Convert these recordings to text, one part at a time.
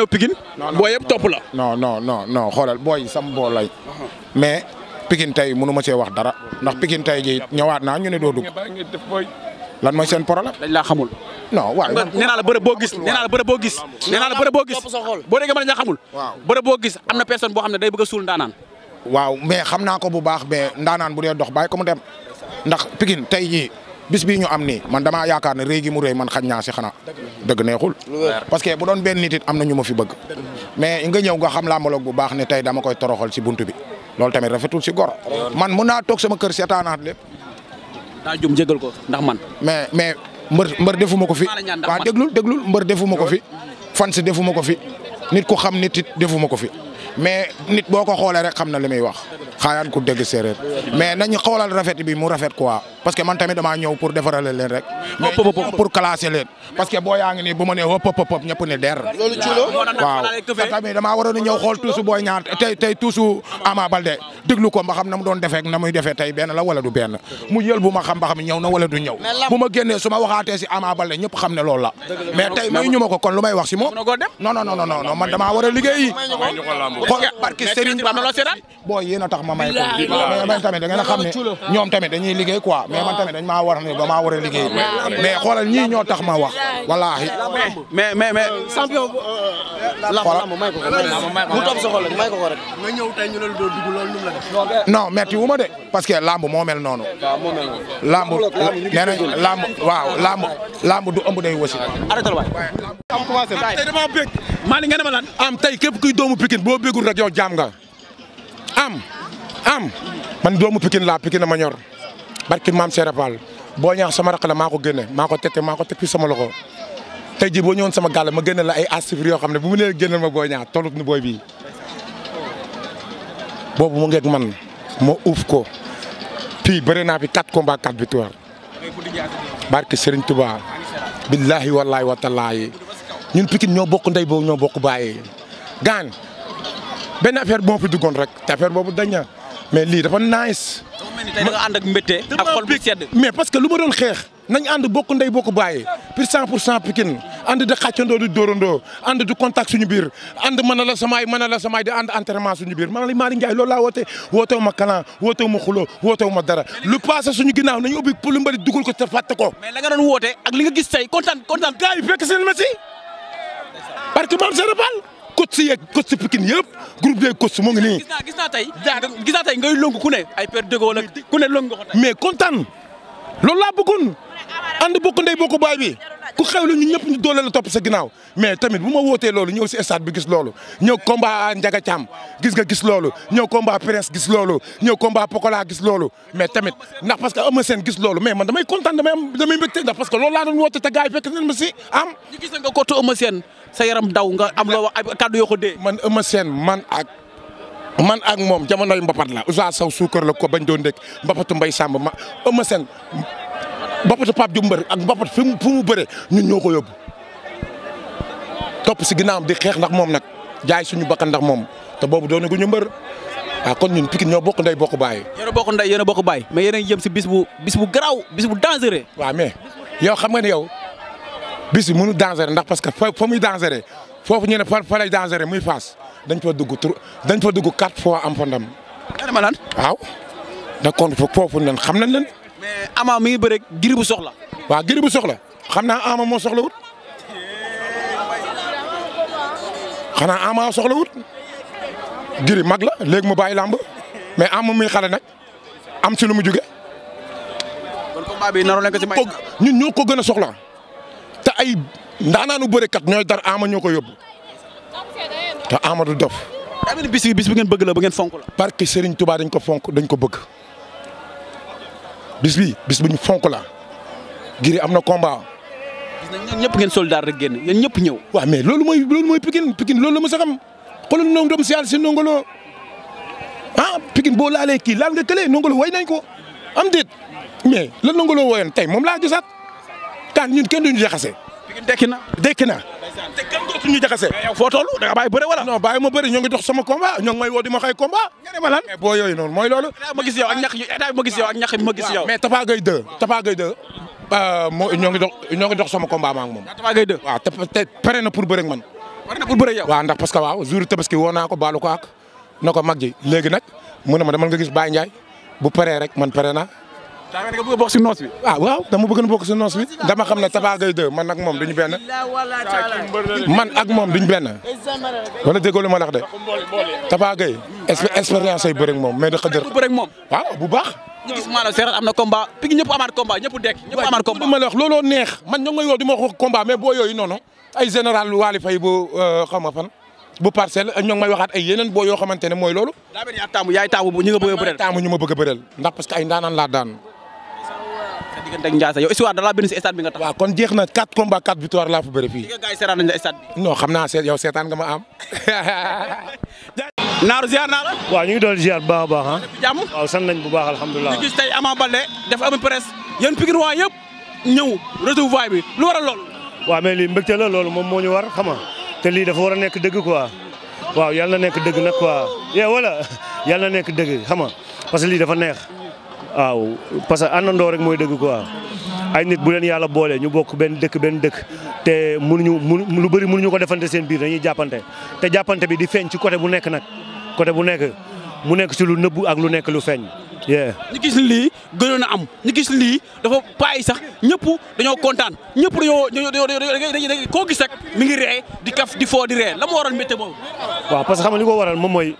ñëw Pikine. booy yëpp topp la. non non non non xoolal booy sam boo lay. mais Pikine tey mënu ma see wax dara ndax Pikine tey jii ñëwaat naa ñu ne doo dugg. lan mooy seen problème. dañ laa xamul. non waaye nee naa la bërëb boo gis nee naa la bërëb boo gis. nee la bërëb boo gis boo déggee mën nañu xamul. waaw boo gis am na personne boo xam ne day bëgg a suul ndaanaan. waaw mais xam naa ko bu baax mais ndaanaan bu dee dox baay ko mu dem ndax Pikine tey jii bis bii ñu am ni man damaa yaakaar ne réy gi mu réy man xañ naa si xanaa dëgg neexul parce que bu doon benn nit am na ñu ma fi bëgg mais nga ñëw nga xam làmbaloog bu baax ne tey dama koy toroxal si bunt bi loolu tamit rafetul si gor man mun naa toog sama kër seetaanaat lépp daa jum ko ndax man mais mais mbër mbër defuma ko fi waaw déglul déglul mbër defuma ko fi fan si defuma ko fi nit ku xam nit it defuma ko fi mais nit boo ko xoolee rek xam na li muy wax xaayaan ku dégg séeréer mais nañu xoolal rafet bi mu rafet quoi parce que man tamit damaa ñëw pour defarale leen rek. mais pour classer leen. parce que boo yaa ngi nii bu ma nee hop hop hop ñëpp ne der. loolu culo waaw te tamit a ñëw xool tuusu booy ñaar tey tey tuusu Ama Balde déglu ko ba na mu doon defee na muy defee tey benn la wala du benn mu yël bu ma xam ba xam na wala du ñëw. bu ma génnee su ma si Ama Balde ñëpp xam ne loolu la. mais tey may ñu ko kon lu may wax si moom. non non non man damaa war a liggéeyi. xool a a xam ne ñoom tamit liggéey quoi mais man tamit dañ maa war ne ba maa war a liggéey ah, mais xoolal ñii ñoo tax ma wax wallaahi. mais mais mais champion bu. Euh, lamb may ko ko mu topp sa xol may ko ko rek. nga ñëw tey ñu loolu doo dugg loolu lu la def. non metti wu de parce que lamb moo mel noonu. waaw mel noonu. lamb nee nañ lamb waaw lamb lamb du ëmb day wasi. arrêté waay. am commencé am tey damaa bég. maa ni nga ma lan. am tey képp kuy doomu Pikine boo bégul rek yow jaam nga am am man doomu Pikine laa Pikine ma ñor barki mam serapal bo ñax sama rakk la maa mako génne maa ko tette fi sama loxo tay ji bo ñewon sama gal ma génne la ay asifir yo xam bu mu leen génneel ma bo ñax tollut ni boy bi bobu mu ngeeg man mo uuf ko pi bëri na fi 4 combat 4 victoires barki Serigne Touba billahi wallahi wa taalaayi ñun Pikine ño bokk ndey bo ño bokk baye gan ben affaire bon fi duggoon rek affaire bobu dañ na mais li dafa nice ni tey da parce que lu ma doon xeex nañ ànd bokk ndey bokk bàyyi pour cent pour cent Pikine ànd di xàccandoo di dóorandoo ànd di contact suñu biir ànd mën a la samaay mën a la suñu biir man la Malick Ndiaye woote wootewu ma kalan wootewu ma xuloo wootewu ma dara lu passé suñu ginnaaw nañu ubbi pour lu mbari dugal ko te fàtte ko la nga doon woote ak li nga gis tey kontaan kontaan gars yi fekk seen Messi parce que maam seen bal coach yeeg coach Pikine yëpp groupe des coach moo ngi nii. gis naa gis naa tey naa tey ngay longu ku ne. ay père Deggo la ku ne longu nga ko mais kontaan loolu laa bëggoon ànd bokk ndey bokk baay bi. ku xew la ñun ñëpp ñu doole la topp sa ginnaaw mais tamit bu ma wootee loolu ñëw si stade bi gis loolu ñëw combat Ndiaga gis nga gis loolu ñëw combat Prince gis loolu ñëw combat Pokola gis loolu mais tamit ndax parce que ama seen gis loolu mais man damay kontaan damay am damay mbégte ndax parce que loolu laa doon woote te gars yi fekk nañ ma si am ñu gis nga kottu ama seen sa yaram daw nga am loo wax kàddu yoo dee man ama seen man ak man ak moom jamonoy mbapat la Ousa Sow suukar la ko bañ doon dëkk mbapatu mbay sàmb ma ama seen mbappatu Pape Diouf mbër ak mbappat fi mu fu mu bëre ñun ñoo ko yóbbu topp si ginnaawam di xeex ndax moom nag jaay suñu bakkan ndax moom te boobu doon gu ñu mbër waaw ah, kon ñun Pikine ñoo bokk ndey bokk baay. yéen a bokk ndey yéen bokk baay mais yéen a ngi jëm si bis bu bis bu garaaw bis bu dangereux. waaw mais yow xam nga ne yow bis bi mënu dangereux ndax parce que fa fa muy dangereux foofu ñu ne fa fa lay dangereux muy Fass dañ fa dugg trop dañ fa dugg quatre fois am fa ndam. waaw da kon foofu ñun xam nañ leen. Ama mi ngi bëre Gris bu soxla. waaw Gris bu soxla xam naa Ama moo soxla wut xanaa Ama soxla wut Gris mag la léegi mu bàyyi làmb mais Ama muy xale nag am ci lu mu jóge kon combat bi naroon nañ ko ci may gën a soxla te ay ndaanaanu bërekat ñooy dar Ama ñoo ko yóbbu te Ama du dof. daa bis bi bis bu ngeen bëgg la bu fonk la. parce que Serigne dañ ko fonk dañ ko bëgg. bis bi bis bu fonk la Gris am na combat. gis nañ ñoom ñëpp ngeen soldat rek génn yéen ñëpp ñëw. waaw mais loolu mooy loolu mooy Pikine Pikine loolu la mos a xam xoolal ndong doom si yàlla si ndongolo ah Pikine boo laalee kii laal nga këlee ndongolo way nañ ko am déet mais la ndongolo wooyoon tey moom laa gisaat kan ñun kenn duñu jaxase. Pikine dekki na dekki na. dootuñu jaxase. mais yow foo toll da nga bàyyi bëre wala. non bàyyi ma bëri ñoo ngi dox sama combat i ngi may woo di ma xay combat. nga yooyu noonu mooy loolu. ma gis yow ak ñax yi état euh, moo ñoo ngi dox ñoo ngi dox sama combat moom. Ah, Tapha Gueye 2 waaw te te pare na pour bëre ak man. pare na pour bëre yow. waaw ndax parce que waaw jour tabaski woo naa ko baalu ko ak na ko mag ji léegi nag mu ne ma demal nga gis Baye Ndiaye bu paree rek man pare naa daa nga bëgg a bokk si noos bi. ah waaw dama bëgg a bokk si noos bi dama xam ne Tapha Gueye 2 man ak moom duñu benn man ak moom duñu benn wala déggoo lu ma lax de Tapha Gueye expérience ay bëri ak moom mais da xëjër waaw bu baax. ñu gis maanaam Seereer am na combat pigi ñëpp amaat combat ñëpp dekk ñëpp amaat combat ma la wax looloo neex man ñoo ngi yow di ma wax combat mais boo yooyu noonu ay général Waly Faye bu euh, xaw ma fan bu parcelle ñoo ngi may waxaat ay yeneen boo yoo xamante ne mooy loolu daa mel ni yaa taamu yaay taamu ñu nga bëgg a bëreel taamu ñu ma bëgg a bëreel ndax parce que ay ndaanaan laa daan diggante ak Ndiassane da laa bind si stade bi nga tax. waaw kon jeex na 4 combats 4 victoire laa fa bëri fii. di nga gars yi seetaan la stade bi. non xam naa seet yow seetaan nga ma am. naaru ziar naa la. waaw ñu ngi doon ziar bu a baax ah. waaw sant nañ bu baax alhamdulilah. ñu gis tey Ama Baldé dafa am presse yéen Pikine waa yëpp ñëw recevoir bi lu waral loolu. waaw mais lii mbégte la loolu moom moo ñu war xam nga te lii dafa war a nekk dëgg quoi waaw yàlla na nekk dëgg nag quoi. et voilà yàlla na nekk dëgg xam nga parce que lii dafa waaw parce que àndandoo rek mooy dëgg quoi ay nit bu leen yàlla boole ñu bokk benn dëkk benn dëkk te mënuñu mun lu bëri munuñu ko defante seen biir dañuy jàppante te jàppante bi di feeñ ci côté bu nekk nag côté bu nekk mu nekk si lu nëbbu ak lu nekk lu feeñ. ñu gis lii gënoon a am ñu gis lii dafa paay sax ñëpp dañoo kontaan ñëpp dañoo dañoo dañoo koo gis rek mi ngi ree di kaf di foo di ree la ma waral météo boobu. waaw parce que xam nga li ko waral moom mooy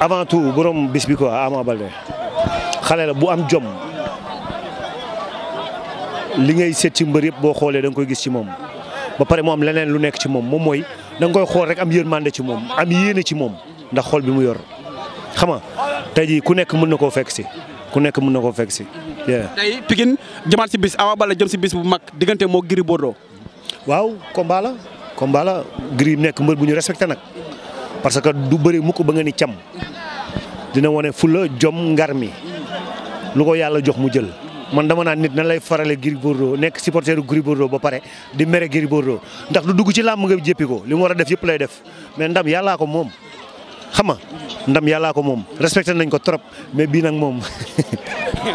avant tout borom bis bi quoi Ama xale la bu am jom li ngay seet ci mbër yëpp boo xoolee danga koy gis ci moom ba pare mu am leneen lu nekk ci moom moom mooy danga koy xool rek am yërmande ci moom am yéene ci moom ndax xool bi mu yor xam nga tey jii ku nekk mën na koo fekk si ku nekk mën na koo fekk si. tey Pikine jëmaat si bis Ama Baldé jëm si bis bu mag diggante moo boo Bordeaux. waaw combat la combat la nekk mbër bu ñu respecté nag parce que du bëri mukk ba nga ni cam dina wane fula jom ngar mi lu ko yalla jox mu jël man dama nan nit nan lay farale giri Bordeaux nekk supporteru Gris Bordeaux ba pare di mere giri Bordeaux ndax du dugg ci lamb nga jéppi ko li def yëpp lay def mais ndam yalla ko mom xama ndam yalla ko mom respecté nañ ko trop mais bi nak mom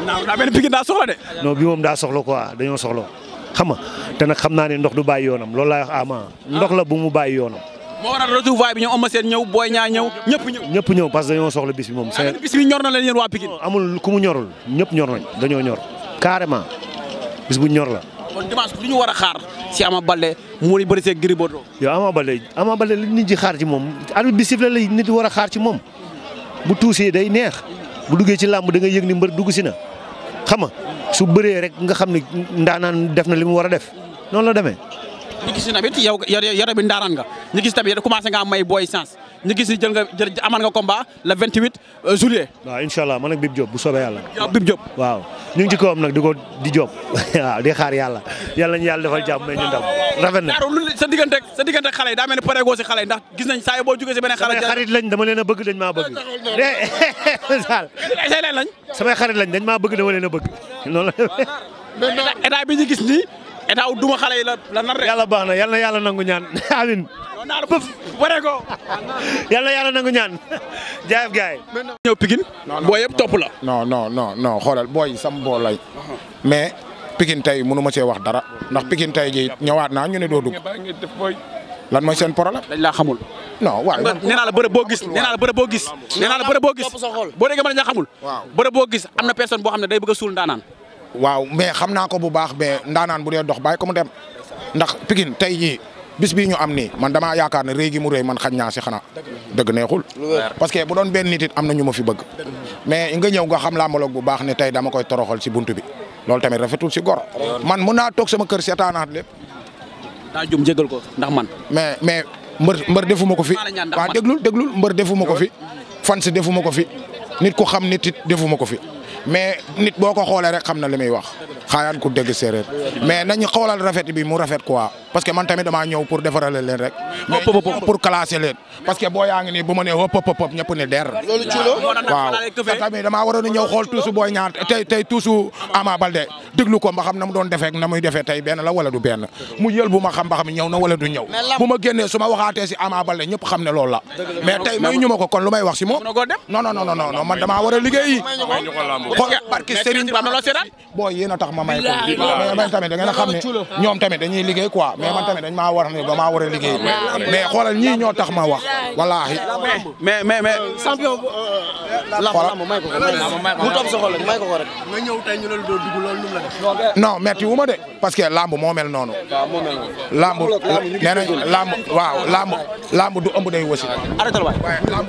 naaw daa mel ni daa soxla de. non bi mom da soxlo quoi dañu soxlo xama te ndox du bay yonam wax ama ndox la bu mu bay yonam moo waral retrouvaille bi ñoom Eumeu Sène ñëw Boy Niang ñëw ñëpp ñëw. ñëpp ñëw parce que dañoo soxla bis bi moom. Ah, seen bis bi ñor na leen ñëpp ñor nañ dañoo ñor carrément bis bu ñor la. kon dimanche lu ñu war a xaar si Ama Baldé mu ngi bëri see Gris Bordeaux. yow Ama a Ama li nit ñi xaar ci moom arbitre bi sifflé la nit war a xaar ci moom bu tuusee day neex bu duggee ci làmb da nga yëg ni mbër dugg si na xam nga su bëree rek nga xam ni ndaanaan def na li mu war a def noonu la demee ñu gis ni tamit yow yow tamit ndaaraan nga ñu gis tamit commencé nga am may booy sens ñu gis ni euh, Bib Diop bu soobee yàlla. Bib Diop waaw ñu ngi ci nag di ko di xaar yàlla yàlla ñu yàlla defal jàmm mais ñu ndam rafet na. sa diggante sa diggante xale yi ndax gis nañ saa boo jugee si beneen xarit lañ dama leen a bëgg dañ maa bëgg. samay a la état bi ñu gis nii état du duma xale yi la la nar rek. yàlla baax na yal na yàlla nangu ñaan amin naa bëf waree ko. na yàlla nangu ñaan jaayef gaay ñëw Pikine booy yëpp topp la. non non non non xoolal booy sam boo lay mais Pikine tey mënu ma see wax dara ndax Pikine tey jii ñëwaat naa ñu ne doo dugg. lan mooy seen problème. naa la bërëb boo gis nee naa la bërëb boo gis. nee la bërëb boo gis boo déggee mën na ñaa xamul. waaw boo gis am na personne boo xam ne day bëgg a suul ndaanaan waaw mais xam naa ko bu baax mais ndaanaan bu dee dox bàyyi ko mu dem ndax Pikine tey jii bis bii ñu am nii man damaa yaakaar ne réy gi mu réy man xañ naa si xana dëgg neexul parce que bu doon benn nit am na ñu ma fi bëgg mais nga ñëw nga xam làmbaloog bu baax ne tey dama koy toroxal si bunt bi loolu tamit rafetul si gor man mun naa toog sama kër seetaanaat lépp daa jum jégal ko ndax man mais mais mbër mbër defuma ko fi waaw déglul déglul mbër defuma ko fi fan si defuma ko fi nit ku xam nit defuma ko fi mais nit boo ko xoolee rek xam na li muy wax xaayaan ku dégg séeréer mais nañu xoolal rafet bi mu rafet quoi parce que man tamit damaa ñëw pour defarale leen rek. mais pour classer leen. parce que boo yaa bu ma nee hop hop hop ñëpp ne der. loolu waaw te tamit damaa waroon a ñëw xool tuusu booy ñaar tey tey tuusu Ama Balde ko ba na mu doon defeek na muy defee tey benn la wala du mu yël bu ma xam ba xam na wala du bu ma génnee la. mais tey may ñu ma ko kon lu may wax man dama wara liggey liggéey. barki Serigne lo boo yéen a tax ma may ko mais tamé da nga xamné ñom tamé dañuy liggey quoi mais man tamé dañ ma war ne dama wara liggey mais xolal ñi ñoo tax ma wax wallahi mais mais mais champion euh, la may ko mu top so xolal may ko ko rek. nga ñew tay ñu la do dug loolu lu la def. non metti wuma ma de parce que lamb mo mel nonu lamb nee lamb waaw lamb lamb du ëmb day wasi. arrêté waay.